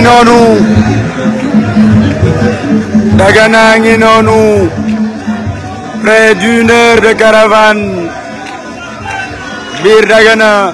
noonu Dagana ngi noonu près d'une heure de caravane biir Dagana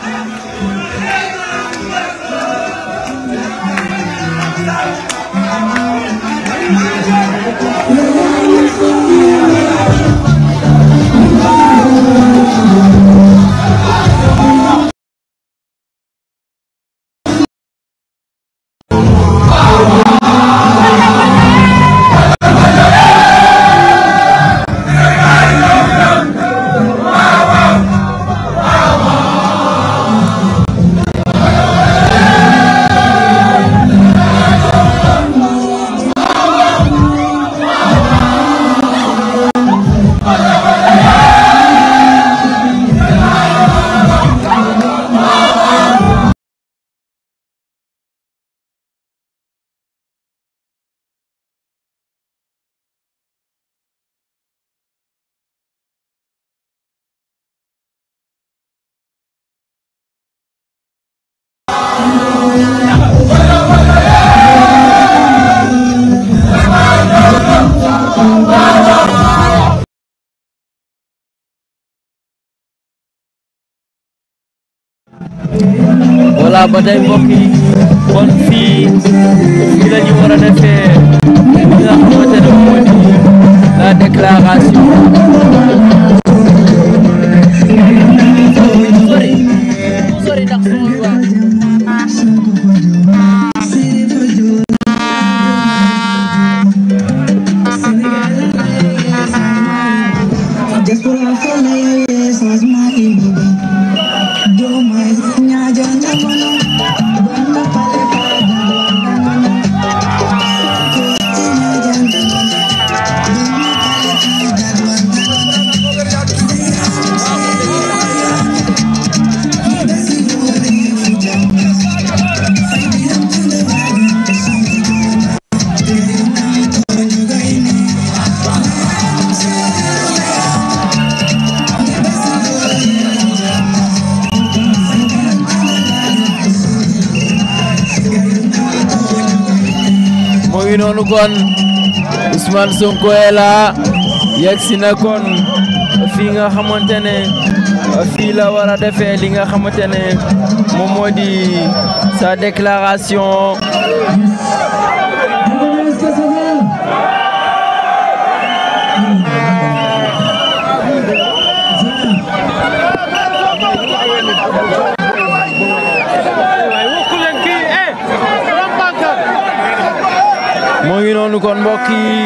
allah ba tey mbokk yi kon fii fii la ñu war a defee li nga xamante ne mooy la déclaration. ngi noonu kon Ousmane Sonko la yegsi na kon fii nga xamante ne fii la war a nga xamante ne moom moo di sa déclaration moo ngi noonu kon mbokk yi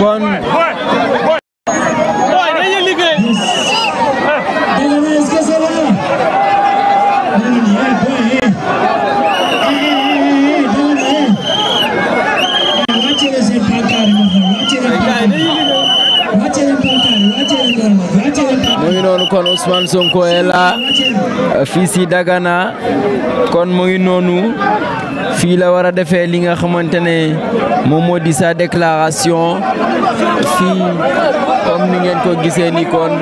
kon ngi noonu kon Ousmane Sonko est là fii si Dagana kon mu ngi noonu fii la war a defee li nga xamante ne moom moo di sa déclaration fii comme ni ngeen ko gisee ni kon.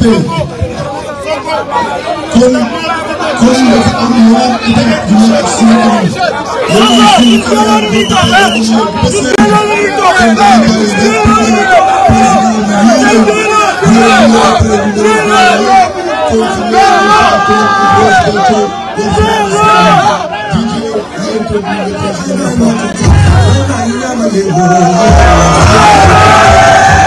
tëye kon kon dafa am yoon itam bu ñu ak suñu borom loolu mooy suñu xarala bi parce que Thank you.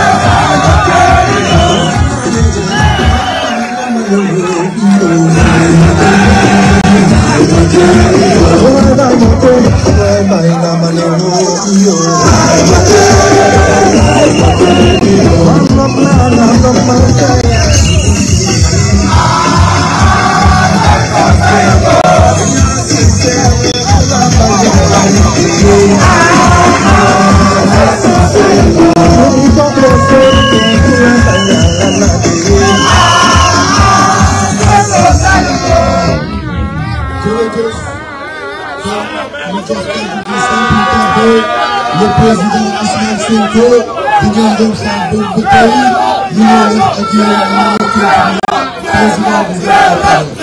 pays, l'Union européenne, président du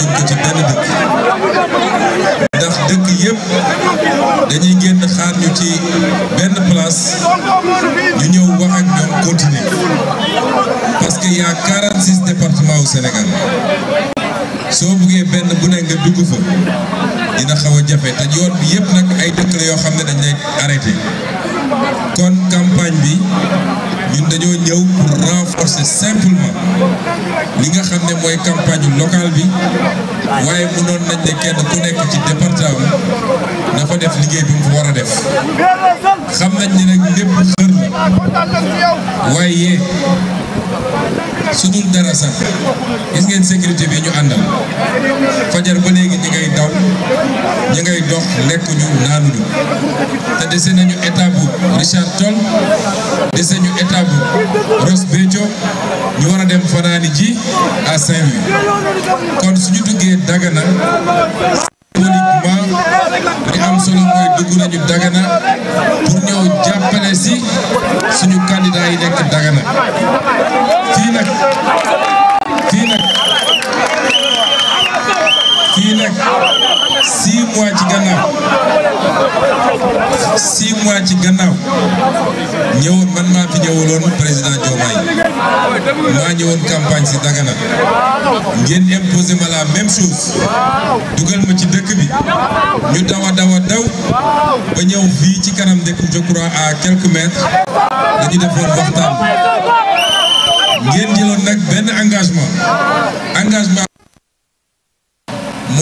def ko ndax dëkk yëpp dañuy génn xaar ñu ci benn place ñu ñëw wax ak ñoom continuer parce que y a 46 Sénégal soo buggee benn bu ne nga dugg fa dina xaw a jafe te yoon bi yëpp nag ay dëkk yoo xam ne dañ lay arrêté kon campagne bi. ñun dañoo ñëw pour renforcer simplement li nga xam ne mooy campagne locale bi waaye mënoon nañ ne kenn ku nekk ci département na fa def liggéey bi mu fa war a def xam nañ ne nag lépp xër la waaye su dul dara sax gis ngeen sécurité bi ñu àndal fajar ba léegi ñi ngay daw ñi ngay dox lekkuñu naanuñu te dese nañu état bu Richard Toll dese ñu état bu Ross Béthio ñu war a dem fanaani ji à Saint-Louis kon suñu duggee Dagana politiquement li am solo mooy dugg nañu Dagana pour ñëw jàppale si suñu candidat yi nekk Dagana fii kii nag ci gannaaw six ci gannaaw ñëwoon man maa fi ñëwuloon président Diomaye maa ñëwoon campagne si Dagana ngeen imposé ma la même dugal ma ci dëkk bi ñu dawa dawa daw ba ñëw fii ci kanam dëkk je crois à quelques mètres dañu defoon waxtaan ngeen jëloon nag benn engagement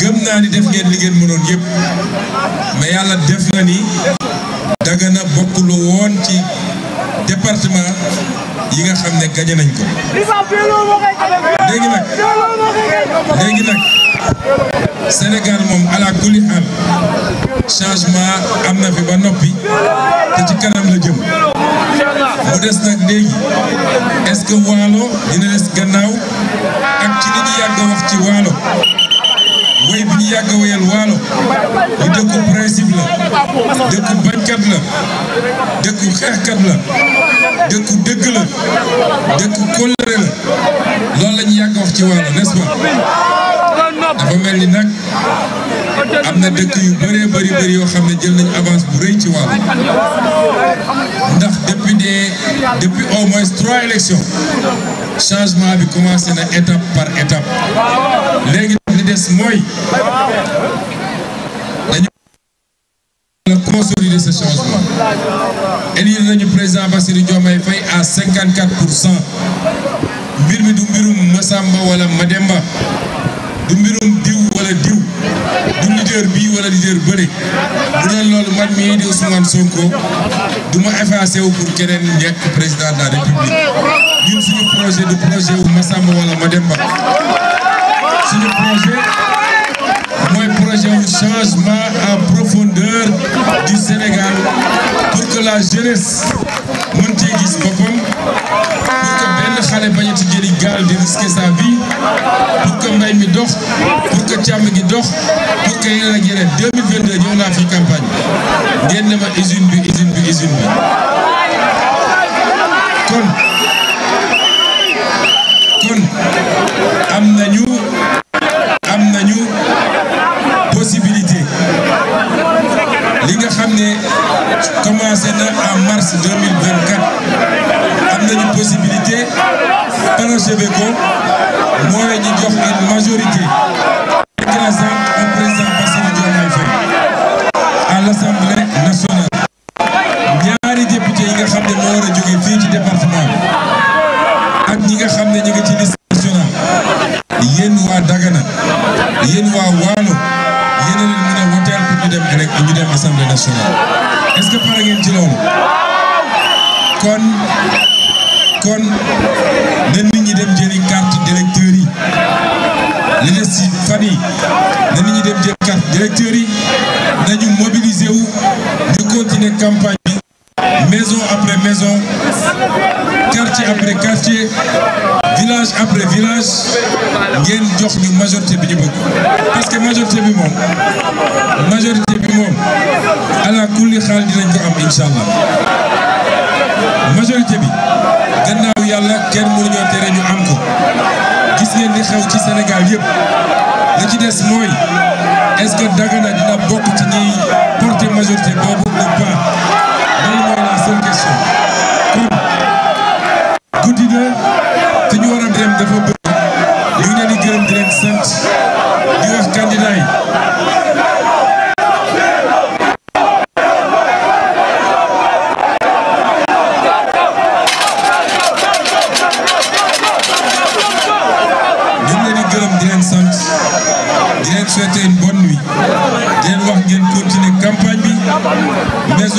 gëm naa ni def ngeen li ngeen mënoon yëpp yàlla def na ni na Dagana bokkulu woon ci département yi nga xam ne gañe nañ ko léegi nag léegi nag Sénégal moom ala kulli haal changement am na fi ba noppi te ci kanam la jëm mu des nag léegi est waalo dina des gannaaw yàgg ci waalo wéy bi ñu yàgg a wéyal la dëkku bañkat la dëkku xeexkat loolu la ñu ci waalo n'est-ce dafa mel ni nag am na dëkk yu bëree bëri bëri yoo xam ne jël nañ avance bu rëy ci waalo ndax depuis des depuis au moins trois élections changement bi commencé na étape par étape léegi li des mooy dañu la consolider ce changement élire nañu président Bassirou Diomaye Faye cinquante 54 pour cent mbir mi du mbirum Masamba wala Mademba du mbirum diw wala diw du leader bi wala leader bële bu loolu man mii di Ousmane Sonko du ma effacé wu pour keneen nekk président de la République ñun suñu projet du projet wu Massamba wala Mademba suñu projet mooy projet wu changement en profondeur du Sénégal pour que la jeunesse mën ci gis boppam pour sa vie pour que mbay mi dox pour que càmm gi dox pour que yeneen ak yeneen 2022 ñëw fi campagne ngeen ma usine bi usine bi usine bi kon. lancé na en mars 2024 am nañu possibilité projet bi ko mooy ñu jox une majorité ñu mobiliser wu ñu continuer campagne bi maison après maison quartier après quartier village après village ngeen jox ñu majorité bi ñu bëgg parce majorité bi moom majorité bi moom ala kulli xaal dinañ ko am incha allah majorité bi gannaaw yàlla kenn mënuñoo tere ñu am ko gis ngeen li xew ci Sénégal yëpp la ci des mooy est-ce majorité boobu ou pas loolu mooy la seule question kon guddi na te ñu war a dem dafa bëgg ñu ngi leen di gërëm di leen sant di wax candidat yi ñu ngi leen di gërëm di leen sant di leen souhaiter une bonne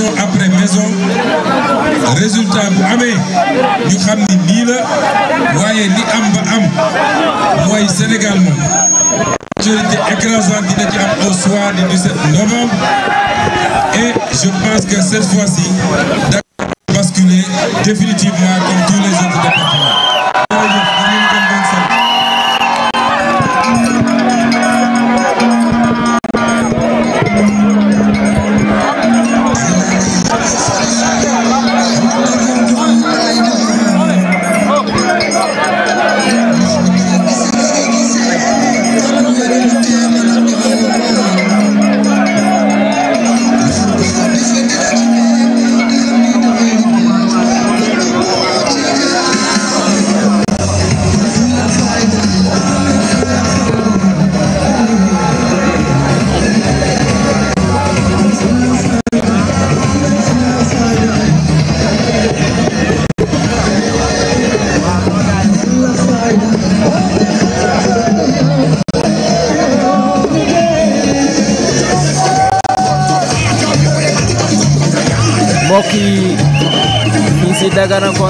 maison après maison résultat bu amee ñu xam ni nii la waaye li am ba am mooy Sénégal moom majorité écrasante dina ci am au soir du 17 novembre et je pense que cette fois-ci Dakar basculer définitivement Telangana